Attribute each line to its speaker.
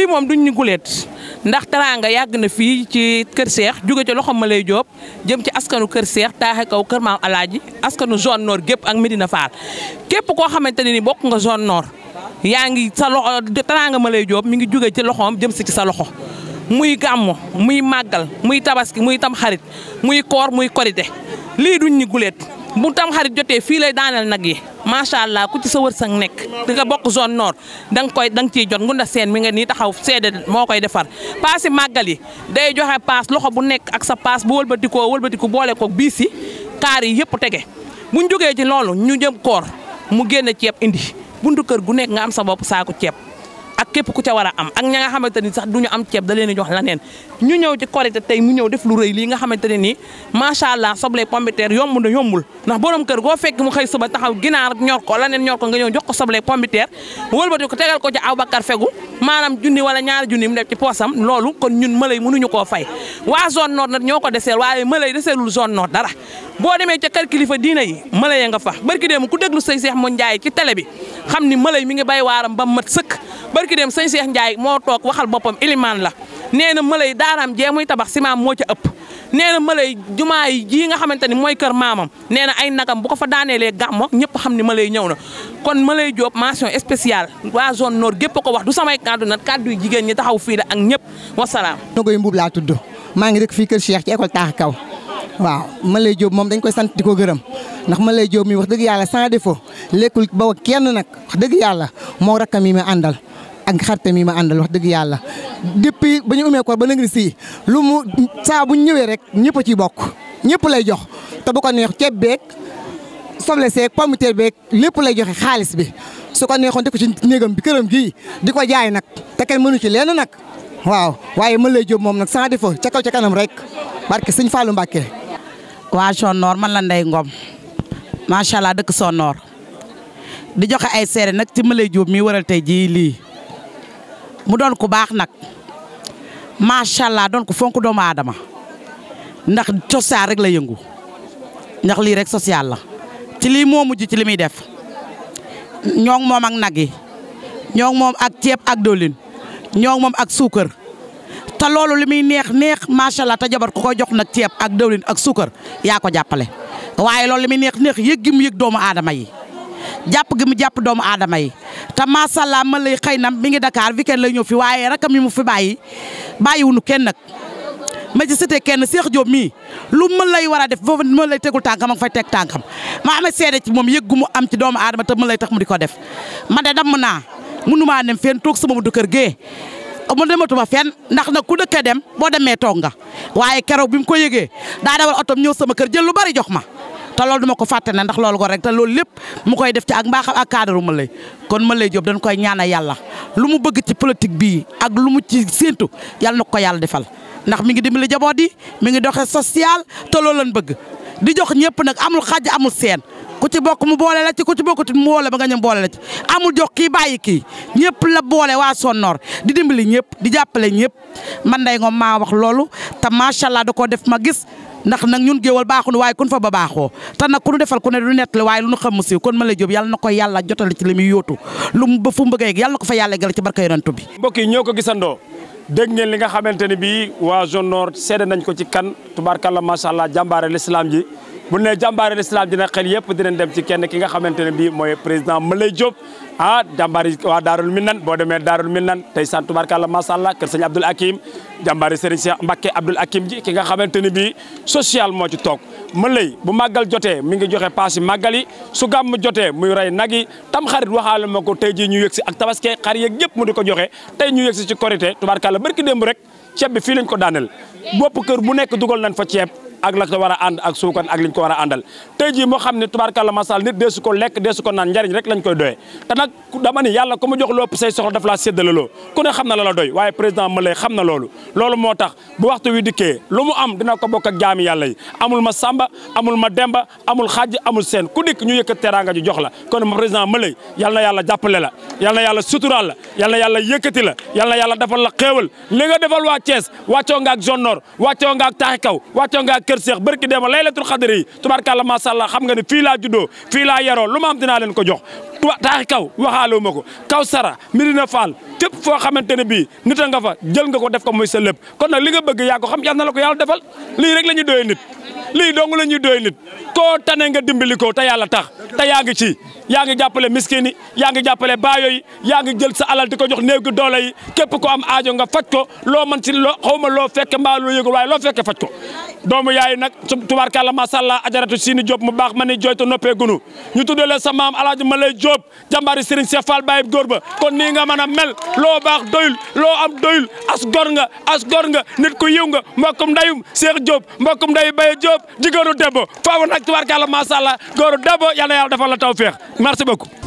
Speaker 1: lii moom du ñu guleet ndax teraanga yàgg na fii ci kër Seex jóge ci loxoom Malay Diop jëm ci askanu kër Seex taaxe kaw kër maam alaaji askanu zone nord gépp ak Medina Fall képp koo xamante ne ni bokk nga zone nord yaa ngi sa loxo teraanga Malay Diop mi ngi jóge ci loxoom jëm si ci sa loxo muy gàmmo muy màggal muy tabaski muy tam muy koor muy korite lii duñ ñu guleet bu tam xarit jotee fii lay daaneel nag yi macha allah ku ci sa san nekk di nga bokk zone nord da nga koy da nga ciy jot ngunda seen mi nga nii taxaw seede moo koy defar paas yi màggal yi day joxe paas loxo bu nekk ak sa paas bu wëlbatikoo wëlbatiku boole ko biis yi kaar yi yëpp tege buñ jógee ci loolu ñu jëm koor mu génn ceeb indi buntu kër gu nekk nga am sa bopp saaku ceeb ak képp ku ca war a am ak ña nga xamante ni sax du am ceeb da leen jox laneen ñu ñëw ci korite tey mu ñëw def lu rëy lii nga xamante ne nii macha allah soble pomme de yomb na yombul ndax borom kër goo fekk mu xëy suba taxaw ginaar ñor ko laneen ñor ko nga ñëw jox ko soble pomme de terre wëlbati ko tegal ko ci Aboubacar fegu maanaam junni wala ñaari junni mu def ci poosam loolu kon ñun mëlay mënuñu koo fay waa zone nord nag ñoo ko deseel waaye mëlay deseelul zone nord dara boo demee ca kër kilifa diina yi mëlay nga fa barki déem ku déglu say seex mu njaay ci bi xam ni mëlay mi ngi bay waaram ba mat sëkk barki dem sëñ Cheikh Ndiaye moo toog waxal boppam ilimaan la nee na mëlay daaraam jee muy tabax simaam moo ca ëpp nee na mëlay jumaa yi jii nga xamante ni mooy kër maamam nee na ay nagam bu ko fa daaneelee gàmmoog ñëpp xam ni mëlay ñëw na kon mëlay Diop mention spéciale waa zone nord gépp a ko wax du samay kàddu nag kàddu yu jigéen ñi taxaw fii la ak ñëpp wasalaam
Speaker 2: Nogoy Mbuub laa tudd maa ngi dëkk fii kër Cheikh ci école taax kaw waaw Mëlay Diop moom dañ koy sant di ko gërëm ndax Mëlay Diop mi wax dëgg yàlla sans défaut lekkul ba kenn nag dëgg yàlla moo rakkam yi ma àndal ak xaritam yi ma àndal wax dëgg yàlla depuis ba ñu umee koor ba nag si lu mu saa bu ñëwee rek ñëpp a ciy bokk ñëpp lay jox te bu ko neex ceb beeg soble seeg pomme de terre beeg lépp lay joxe xaalis bi su ko neexoon di ko ci bi këram gii di ko jaay nag te kenn mënu ci lenn nag waaw waaye mën lay jóob moom nag sans défaut ca kaw kanam rek barke sëñ Fallou Mbacké. waa Sonor man la Ndeye Ngom macha allah dëkk Sonor di joxe ay seere nag ci mën mi waral tey jii lii. mu ko nak, nak ma sha allah ko nak do ma nak ndax social rek la yëngu ndax li rek social la ci li moo ci limi def ñok mom ak nag ñok mom ak tiep ak dolin ñok mom ak suukar ta lolu limi neex neex ma sha allah ta jabar ko ko jox nak tiep ak dolin ak suukar ya ko jappale waye lolu limi neex neex yeggim do ma adama yi. jàpp gi mu jàpp doomu aadama yi te macha allah ma lay xëy na mi ngi dakaar Dakar kenn lay ñëw fi waaye rakam yi mu fi bàyyi bàyyiwunu kenn nag. ma ci cité kenn Cheikh Diop mii lu mën lay war a def foofu mën lay tegul tànkam ak fay teg tànkam maa amee seede ci moom yëggu mu am ci doomu aadama tam mën lay tax mu di ko def man de damm naa mënumaa dem fenn toog sama du kër gee mu dematuma fenn ndax nag ku dëkk dem boo demee toog nga waaye keroog bi mu ko yëgee daa dawal otom ñëw sama kër jël lu bari jox ma. te loolu duma ko fàtte ne ndax loolu ko rek te loolu lépp mu koy def ci ak mbaaxam ak cadre ma lay kon ma lay Diop dañ koy ñaana yàlla lu mu bëgg ci politique bii ak lu mu ci séentu yàlla na ko yàlla defal ndax mi ngi dimbali jaboot yi mi ngi doxe social te loolu lañ bëgg di jox ñëpp nag amul xaj amul seen ku ci bokk mu boole la ci ku ci bokkut mu boole ba nga ñëm boole la ci amul jox kii bàyyi kii ñëpp la boole waa Sonor di dimbali ñëpp di jàppale ñëpp man day nga maa wax loolu te macha allah da koo def ma gis. ndax nag ñun géwal baaxunu waaye kun fa ba baaxoo te nag ku nu defal ku ne du nett la waaye lu nu xam si kon ma lay jóob yàlla na ko yàlla jotale ci li muy lu mu ba fu bëgg a yegg yàlla na ko fa yàlla eggal ci barka yonantu bi
Speaker 3: mbokk yi ñoo ko gisandoo dégg ngeen li nga xamante ne bii waa zone nord seede nañ ko ci kan tubaarkàlla macha allah jàmbaare l'islam ji bu ne jàmbaari l'islam dina xel yëpp dinañ dem ci kenn ki nga xamante ne bii mooy président Malay Diop ah jàmbaari waa daarul minan boo demee daarul minan tey sant tubarkàlla macha allah kër sëñ Abdoul Hakim jàmbaari Serigne Cheikh Mbacké Abdoul Hakim ji ki nga xamante ne bii social moo ci toog Malay bu màggal jotee mi ngi joxe paas yi màggal yi su gàmm jotee muy rey nag yi tam xarit waxaale ma ko tey jii ñu yëg si ak tabaski xar yeeg yëpp mu di ko joxe tey ñu yëg si ci korité tubarkàlla barki démb rek ceeb bi fii lañ ko daaneel bopp kër bu nekk dugal nañ fa ceeb ak la ko war a ànd ak suukan ak liñ ko war a àndal tey jii moo xam ne tubaarkàlla masal nit deesu ko lekk deesu ko naan njariñ rek lañ koy doyee te nag dama ni yàlla ku mu jox lépp say soxla daf laa séddale loo ku ne xam na la la doy waaye président Mouleye xam na loolu loolu moo tax bu waxtu wi dikkee lu mu am dina ko bokk ak jaami yàlla yi amul ma samba amul ma demba amul xaaj amul seen ku dikk ñu yëkkat teraanga jox la kon ma président Mouleye yal na yàlla la yal na yàlla la yal na yàlla la yal na yàlla la nga defal waa Thiès wàccoo nga ak zone nord wàccoo nga ak taaxi kaw kër Cheikh barki dema laylatul xadri yi ma sha allah xam nga ni fi la juddo fi la yaro lu ma am dina len ko jox kaw kaw sara Medina Fall tip fo xamante bi, nit nga fa jël nga ko def ko moy sa lepp kon nak li nga bëgg ya ko xam yalla nako yalla defal li rek lañu doy nit li dong lañu doy nit ko tané nga dimbali ko te yàlla tax ta yaa ci yaa ngi jàppale miskin yi baayo yi yaa jël sa alal diko jox néew doole yi kep ko am aajo nga fajj ko lo man ci lo xaw ma loo fekke mbaa lo yëgul waaye ko doomu yaay nag tubaarkàlla macha allah ajaratu siini Diop mu baax ma ni jooytu noppee gunu ñu tuddeele la sa maam El Hadj Malay Diop jàmbaari Serigne Cheikh Fall Baye góor ba kon nii nga mën a mel loo baax doyul loo am doyul as gor nga as gor nga nit ku yiw nga mbokkum ndayum Cheikh Diop mbokkum ndayu Baye Diop jigéenu Debbo faaw nag tubaarkàlla macha allah góoru Debbo yal na yàlla defal la taw tawféex merci beaucoup.